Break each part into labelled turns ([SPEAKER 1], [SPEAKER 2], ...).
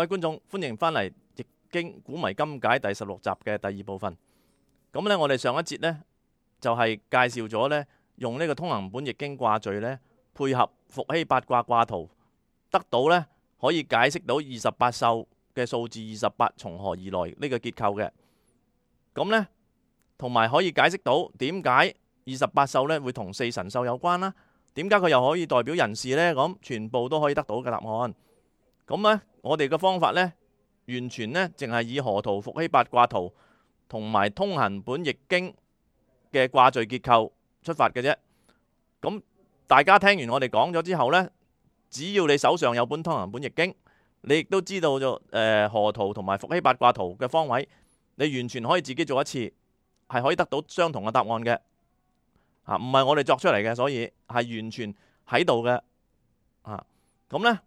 [SPEAKER 1] 各位觀眾，歡迎翻嚟《易經古謎今解》第十六集嘅第二部分。咁咧，我哋上一節咧就係介紹咗咧，用呢個通行本《易經》卦序咧，配合伏羲八卦卦圖，得到咧可以解釋到二十八宿嘅數字二十八從何而來呢個結構嘅。咁咧，同埋可以解釋到點解二十八宿咧會同四神獸有關啦？點解佢又可以代表人事咧？咁全部都可以得到嘅答案。咁咧，我哋嘅方法呢，完全呢，淨係以河圖伏羲八卦圖同埋通行本易經嘅卦序結構出發嘅啫。咁大家聽完我哋講咗之後呢，只要你手上有本通行本易經，你亦都知道咗誒河圖同埋伏羲八卦圖嘅方位，你完全可以自己做一次，係可以得到相同嘅答案嘅。啊，唔係我哋作出嚟嘅，所以係完全喺度嘅。啊，咁咧。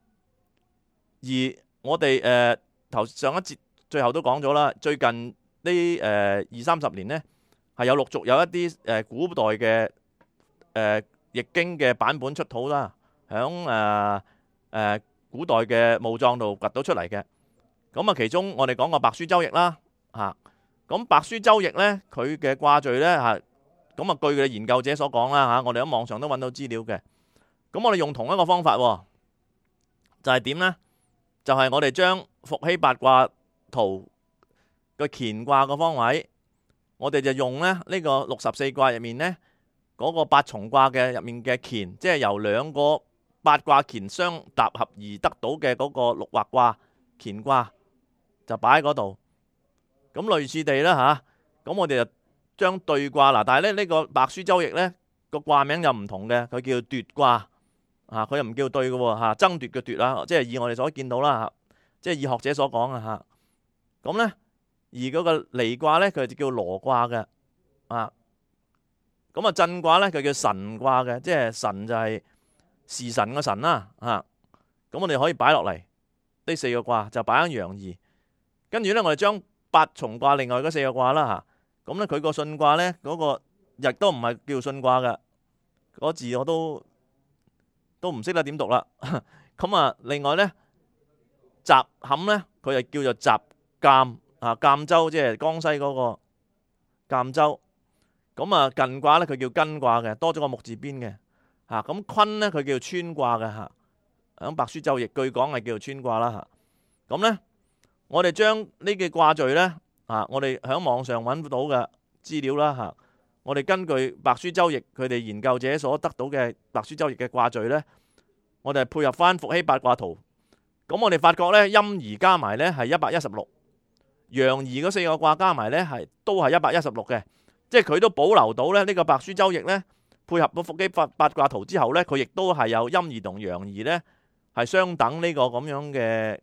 [SPEAKER 1] 而我哋頭、呃、上一節最後都講咗啦，最近呢、呃、二三十年呢，係有陸續有一啲、呃、古代嘅誒易經嘅版本出土啦，響、呃呃、古代嘅墓葬度掘到出嚟嘅。咁啊，其中我哋講過《白書周易》啦、啊，嚇咁《白書周易》呢，佢嘅卦序呢，嚇咁啊，據佢嘅研究者所講啦嚇，我哋喺網上都揾到資料嘅。咁我哋用同一個方法喎、啊，就係、是、點呢？就係我哋將伏羲八卦圖嘅乾卦嘅方位，我哋就用咧呢個六十四卦入面呢嗰個八重卦嘅入面嘅乾，即係由兩個八卦乾相搭合而得到嘅嗰個六畫卦乾卦，就擺喺嗰度。咁類似地啦，嚇，咁我哋就將對卦嗱，但係咧呢個《白書周易》呢個卦名又唔同嘅，佢叫奪卦。吓，佢又唔叫對嘅，吓，爭奪嘅奪啦，即係以我哋所見到啦，吓，即係以學者所講啊，吓，咁咧，而嗰個離卦咧，佢就叫羅卦嘅，啊，咁啊震卦咧，佢叫神卦嘅，即係神就係時辰嘅神啦，啊，咁我哋可以擺落嚟呢四個卦就擺喺陽儀，跟住咧我哋將八重卦另外嗰四個卦啦，吓，咁咧佢個巽卦咧嗰、那個亦都唔係叫巽卦嘅，嗰字我都。都唔識得點讀啦，咁啊，另外咧，習坎咧，佢就叫做習贛啊，贛州即係江西嗰個贛州。咁啊，艮卦咧，佢叫根卦嘅，多咗個木字邊嘅。嚇，咁坤咧，佢叫川卦嘅嚇。喺《帛書周易》據講係叫做川卦啦嚇。咁咧，我哋將呢個卦序咧，啊，我哋喺網上揾到嘅資料啦嚇。我哋根據《白書周易》，佢哋研究者所得到嘅《白書周易卦序呢》嘅卦序呢，我哋配合翻伏羲八卦圖。咁我哋發覺呢，陰而加埋呢係一百一十六，陽而嗰四個卦加埋呢係都係一百一十六嘅，即係佢都保留到呢呢個《白書周易》呢，配合到《伏羲八八卦圖》之後呢，佢亦都係有陰而同陽而呢係相等呢個咁樣嘅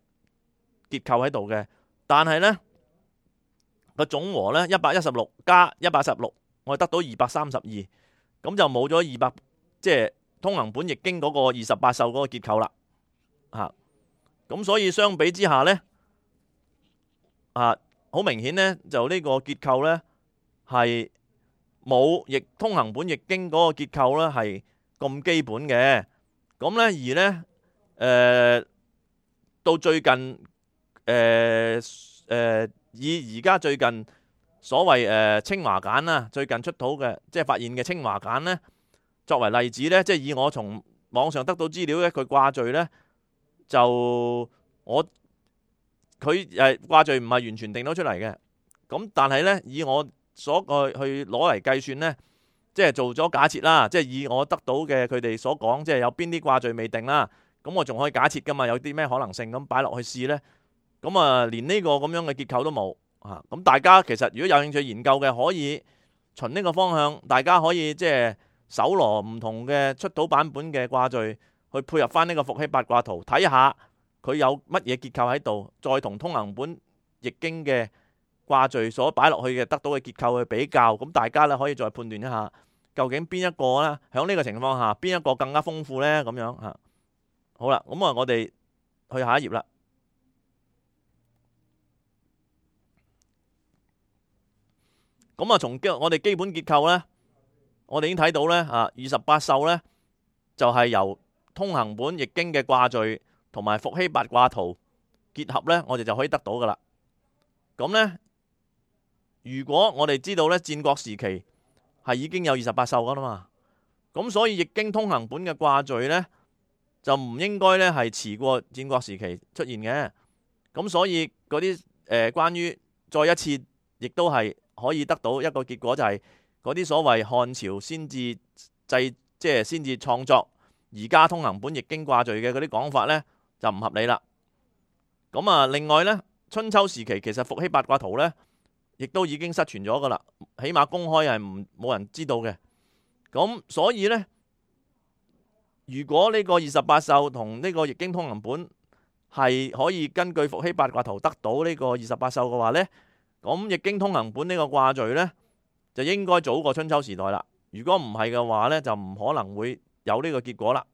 [SPEAKER 1] 結構喺度嘅。但係呢個總和呢，一百一十六加一百十六，我得到二百三十二，咁就冇咗二百，即係通行本易經嗰個二十八宿嗰個結構啦，吓、啊，咁所以相比之下呢，啊，好明顯呢，就呢個結構呢，係冇易通行本易經嗰個結構呢，係咁基本嘅，咁、啊、呢，而呢，誒、呃，到最近，誒、呃、誒、呃，以而家最近。所謂誒清、呃、華簡啊，最近出土嘅即係發現嘅清華簡呢，作為例子呢，即係以我從網上得到資料嘅佢卦序呢，就我佢誒、呃、卦序唔係完全定到出嚟嘅，咁但係呢，以我所個去攞嚟計算呢，即係做咗假設啦，即係以我得到嘅佢哋所講，即係有邊啲卦序未定啦，咁我仲可以假設噶嘛，有啲咩可能性咁擺落去試呢？咁啊連呢個咁樣嘅結構都冇。咁大家其實如果有興趣研究嘅，可以循呢個方向，大家可以即係搜羅唔同嘅出土版本嘅卦序，去配合翻呢個伏羲八卦圖，睇下佢有乜嘢結構喺度，再同通行本易經嘅卦序所擺落去嘅得到嘅結構去比較，咁大家咧可以再判斷一下究竟邊一個呢？響呢個情況下邊一個更加豐富呢？咁樣吓。好啦，咁啊，我哋去下一頁啦。咁啊，從基我哋基本結構呢，我哋已經睇到呢啊，二十八宿呢就係由通行本易經嘅卦序同埋伏羲八卦圖結合呢，我哋就可以得到噶啦。咁呢，如果我哋知道呢，戰國時期係已經有二十八宿噶啦嘛，咁所以易經通行本嘅卦序呢就唔應該呢係遲過戰國時期出現嘅。咁所以嗰啲誒關於再一次亦都係。可以得到一個結果，就係嗰啲所謂漢朝先至製，即係先至創作，而家通行本易經卦序嘅嗰啲講法呢，就唔合理啦。咁啊，另外呢，春秋時期其實伏羲八卦圖呢，亦都已經失傳咗噶啦，起碼公開係唔冇人知道嘅。咁所以呢，如果呢個二十八宿同呢個易經通行本係可以根據伏羲八卦圖得到呢個二十八宿嘅話呢。咁《易經》通行本呢個卦序呢，就應該早過春秋時代啦。如果唔係嘅話呢，就唔可能會有呢個結果啦。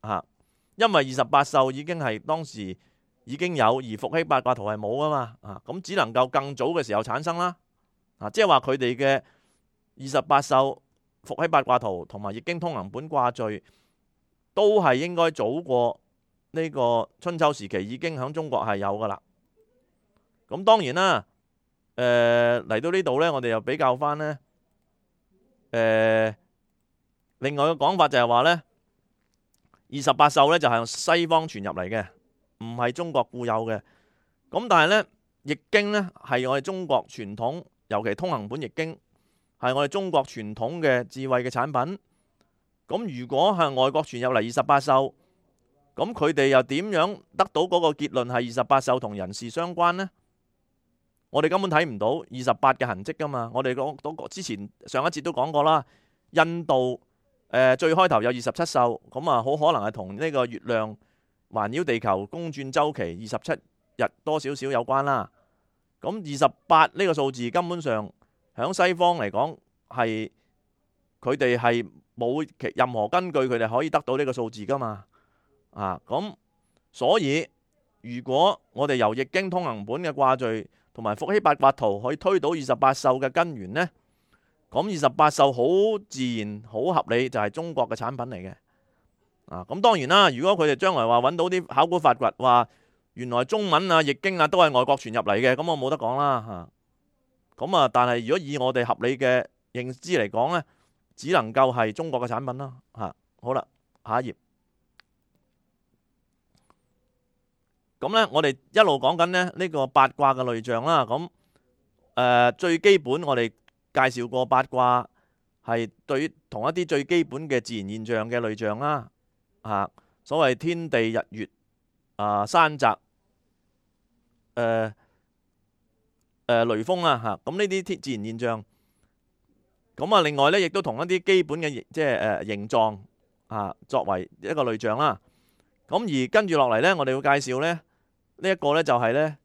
[SPEAKER 1] 啊，因為二十八宿已經係當時已經有，而伏羲八卦圖係冇㗎嘛。啊，咁只能夠更早嘅時候產生啦。啊，即係話佢哋嘅二十八宿、伏羲八卦圖同埋《易經》通行本卦序，都係應該早過呢個春秋時期已經喺中國係有噶啦。咁當然啦。誒、呃，嚟到呢度呢，我哋又比較翻呢。誒、呃，另外嘅講法就係話呢，二十八宿呢就係向西方傳入嚟嘅，唔係中國固有嘅。咁但係呢，易經呢係我哋中國傳統，尤其通行本易經係我哋中國傳統嘅智慧嘅產品。咁如果係外國傳入嚟二十八宿，咁佢哋又點樣得到嗰個結論係二十八宿同人事相關呢？我哋根本睇唔到二十八嘅痕跡噶嘛！我哋講到之前上一節都講過啦，印度最開頭有二十七宿，咁啊好可能係同呢個月亮環繞地球公轉周期二十七日多少少有關啦。咁二十八呢個數字根本上響西方嚟講係佢哋係冇任何根據，佢哋可以得到呢個數字噶嘛？啊咁，所以如果我哋由易經通行本嘅卦序同埋伏羲八卦圖可以推導二十八宿嘅根源呢？咁二十八宿好自然好合理，就係、是、中國嘅產品嚟嘅啊！咁當然啦，如果佢哋將來話搵到啲考古發掘，話原來中文啊、易經啊都係外國傳入嚟嘅，咁我冇得講啦吓。咁啊，啊，但係如果以我哋合理嘅認知嚟講呢，只能夠係中國嘅產品啦吓、啊。好啦，下一頁。咁咧，我哋一路講緊咧呢個八卦嘅類象啦。咁誒、呃，最基本我哋介紹過八卦係對於同一啲最基本嘅自然現象嘅類象啦。啊，所謂天地日月啊，山澤誒誒，雷風啊吓。咁呢啲天自然現象。咁啊，另外咧，亦都同一啲基本嘅形，即係誒形狀啊，作為一個類象啦。咁、啊、而跟住落嚟咧，我哋要介紹咧。呢一個咧就係咧，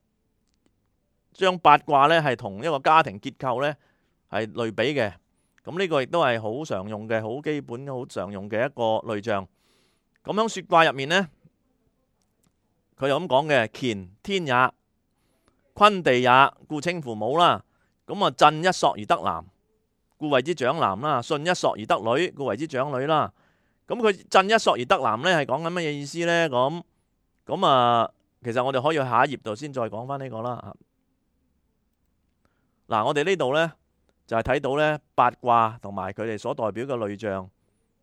[SPEAKER 1] 將八卦咧係同一個家庭結構咧係類比嘅。咁呢個亦都係好常用嘅，好基本、好常用嘅一個類象。咁喺説卦入面咧，佢又咁講嘅：乾天也，坤地也，故稱父母啦。咁啊，震一索而得男，故為之長男啦；巽一索而得女，故為之長女啦。咁佢震一索而得男咧，係講緊乜嘢意思咧？咁咁啊？其實我哋可以喺下一頁度先再講返呢個啦。嗱，我哋呢度呢就係睇到咧，八卦同埋佢哋所代表嘅類象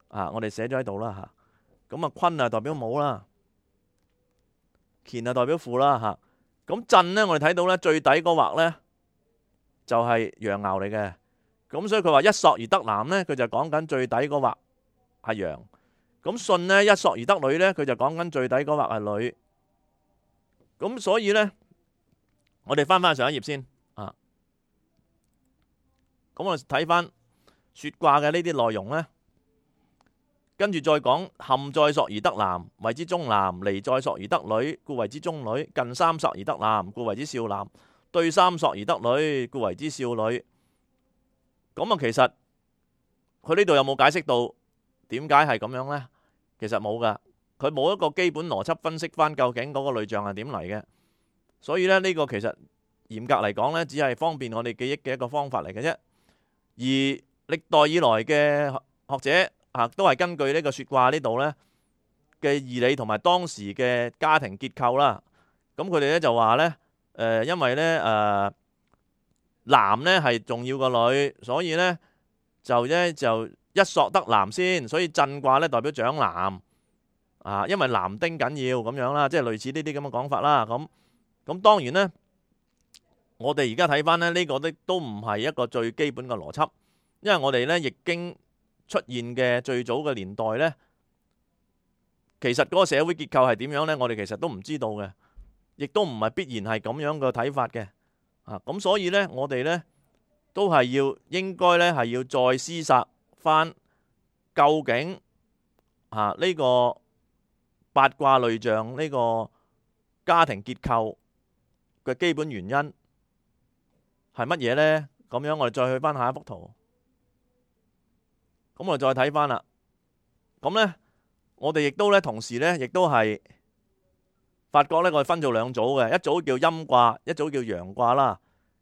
[SPEAKER 1] 啊，我哋寫咗喺度啦吓。咁啊，坤啊代表母啦，乾啊代表父啦吓。咁震呢，我哋睇到咧，最底嗰畫呢，就係陽爻嚟嘅。咁所以佢話一索而得男呢，佢就講緊最底嗰畫係陽。咁巽呢，「一索而得女」呢，佢就講緊最底嗰畫係女。咁所以咧，我哋翻翻上一頁先啊。咁我睇翻說卦嘅呢啲內容咧，跟住再講，坎再索而得男，為之中男；離再索而得女，故為之中女。艮三索而得男，故為之少男；兌三索而得女，故為之少女。咁啊，其實佢呢度有冇解釋到點解係咁樣咧？其實冇噶。佢冇一個基本邏輯分析，翻究竟嗰個類象係點嚟嘅？所以呢，呢個其實嚴格嚟講呢，只係方便我哋記憶嘅一個方法嚟嘅啫。而歷代以來嘅學者啊，都係根據呢個説卦呢度呢嘅義理同埋當時嘅家庭結構啦。咁佢哋呢就話呢，誒，因為呢誒男呢係重要個女，所以呢就呢就一索得男先，所以震卦呢代表長男。啊，因為男丁緊要咁樣啦，即係類似呢啲咁嘅講法啦。咁咁當然呢，我哋而家睇翻咧，呢、這個都都唔係一個最基本嘅邏輯，因為我哋呢亦經出現嘅最早嘅年代呢，其實嗰個社會結構係點樣呢？我哋其實都唔知道嘅，亦都唔係必然係咁樣嘅睇法嘅。啊，咁、啊、所以呢，我哋呢都係要應該呢係要再思索翻究竟啊呢、這個。八卦類象呢個家庭結構嘅基本原因係乜嘢呢？咁樣我哋再去翻下一幅圖，咁我哋再睇翻啦。咁呢，我哋亦都咧同時呢，亦都係發覺呢，我哋分做兩組嘅，一組叫陰卦，一組叫陽卦啦。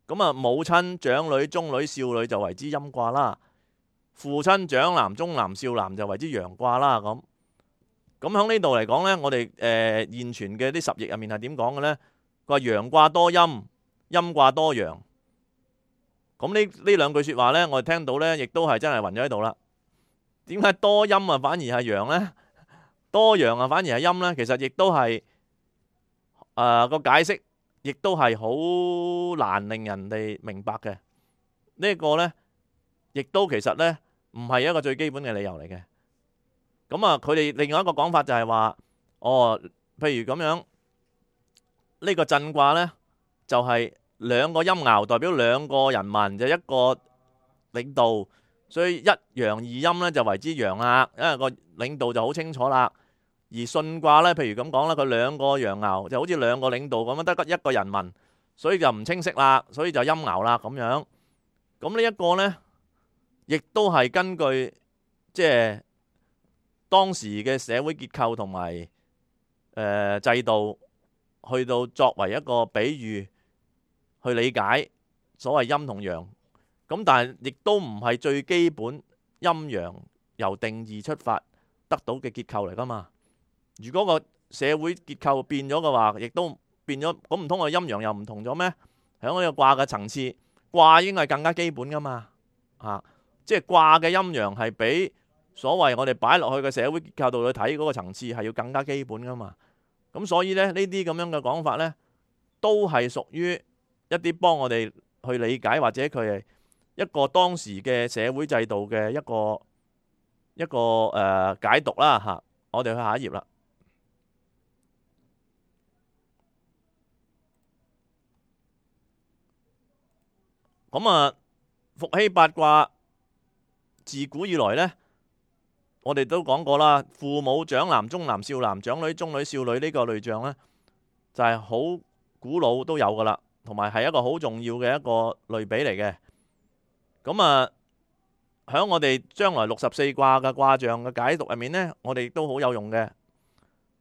[SPEAKER 1] 咁啊，母親長女、中女、少女就為之陰卦啦；父親長男、中男、少男就為之陽卦啦。咁。咁喺呢度嚟講咧，我哋誒現存嘅啲十翼入面係點講嘅咧？佢話陽卦多陰，陰卦多陽。咁呢呢兩句説話咧，我哋聽到咧，亦都係真係暈咗喺度啦。點解多陰啊，反而係陽咧？多陽啊，反而係陰咧？其實亦都係誒個解釋，亦都係好難令人哋明白嘅。呢一個咧，亦都其實咧，唔係一個最基本嘅理由嚟嘅。咁啊，佢哋另外一個講法就係話，哦，譬如咁樣，呢個震卦咧就係兩個陰爻代表兩個人民，就一個領導，所以一陽二陰咧就為之陽啦，因為個領導就好清楚啦。而巽卦咧，譬如咁講啦，佢兩個陽爻就好似兩個領導咁樣，得一個人民，所以就唔清晰啦，所以就陰爻啦咁樣。咁呢一個咧，亦都係根據，即係。當時嘅社會結構同埋誒制度，去到作為一個比喻去理解所謂陰同陽，咁但係亦都唔係最基本陰陽由定義出發得到嘅結構嚟噶嘛？如果個社會結構變咗嘅話，亦都變咗，咁唔通個陰陽又唔同咗咩？喺嗰個卦嘅層次，卦應該係更加基本噶嘛？吓，即係卦嘅陰陽係比。所謂我哋擺落去嘅社會結構度去睇嗰個層次係要更加基本㗎嘛，咁所以呢呢啲咁樣嘅講法呢，都係屬於一啲幫我哋去理解或者佢係一個當時嘅社會制度嘅一個一個誒、呃、解讀啦吓，我哋去下一頁啦。咁啊，伏羲八卦自古以來呢。我哋都講過啦，父母長男、中男、少男、長女、中女、少女呢個類象呢，就係好古老都有噶啦，同埋係一個好重要嘅一個類比嚟嘅。咁啊，響我哋將來六十四卦嘅卦象嘅解讀入面呢，我哋都好有用嘅。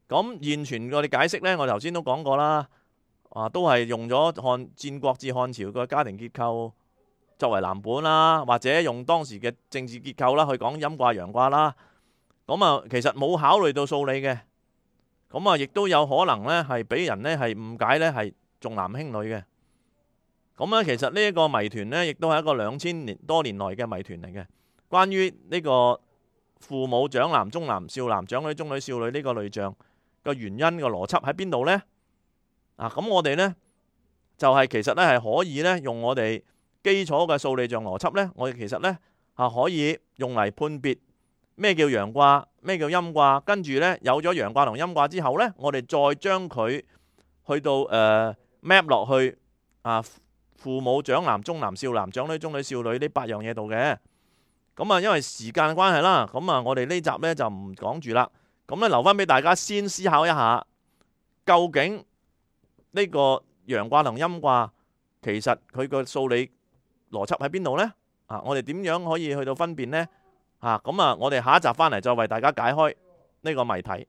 [SPEAKER 1] 咁現全我哋解釋呢，我頭先都講過啦，啊，都係用咗漢戰國至漢朝嘅家庭結構作為藍本啦，或者用當時嘅政治結構啦去講陰卦陽卦啦。咁啊，其實冇考慮到數理嘅，咁啊，亦都有可能呢，係俾人呢，係誤解呢，係重男輕女嘅。咁咧，其實呢一個謎團呢，亦都係一個兩千年多年來嘅謎團嚟嘅。關於呢個父母長男、中男、少男、長女、中女、少女呢個類象嘅原因、個邏輯喺邊度呢？啊，咁我哋呢，就係、是、其實呢，係可以呢，用我哋基礎嘅數理象邏輯呢，我哋其實呢，啊可以用嚟判別。咩叫陽卦？咩叫陰卦？跟住呢，有咗陽卦同陰卦之後呢，我哋再將佢去到呃，map 落去啊，父母、長男、中男、少男、長女、中女、少女呢八樣嘢度嘅。咁啊，因為時間關係啦，咁啊，我哋呢集呢就唔講住啦。咁呢，留翻俾大家先思考一下，究竟呢個陽卦同陰卦，其實佢個數理邏輯喺邊度呢？啊，我哋點樣可以去到分辨呢？啊，咁啊，我哋下一集翻嚟再為大家解開呢個謎題。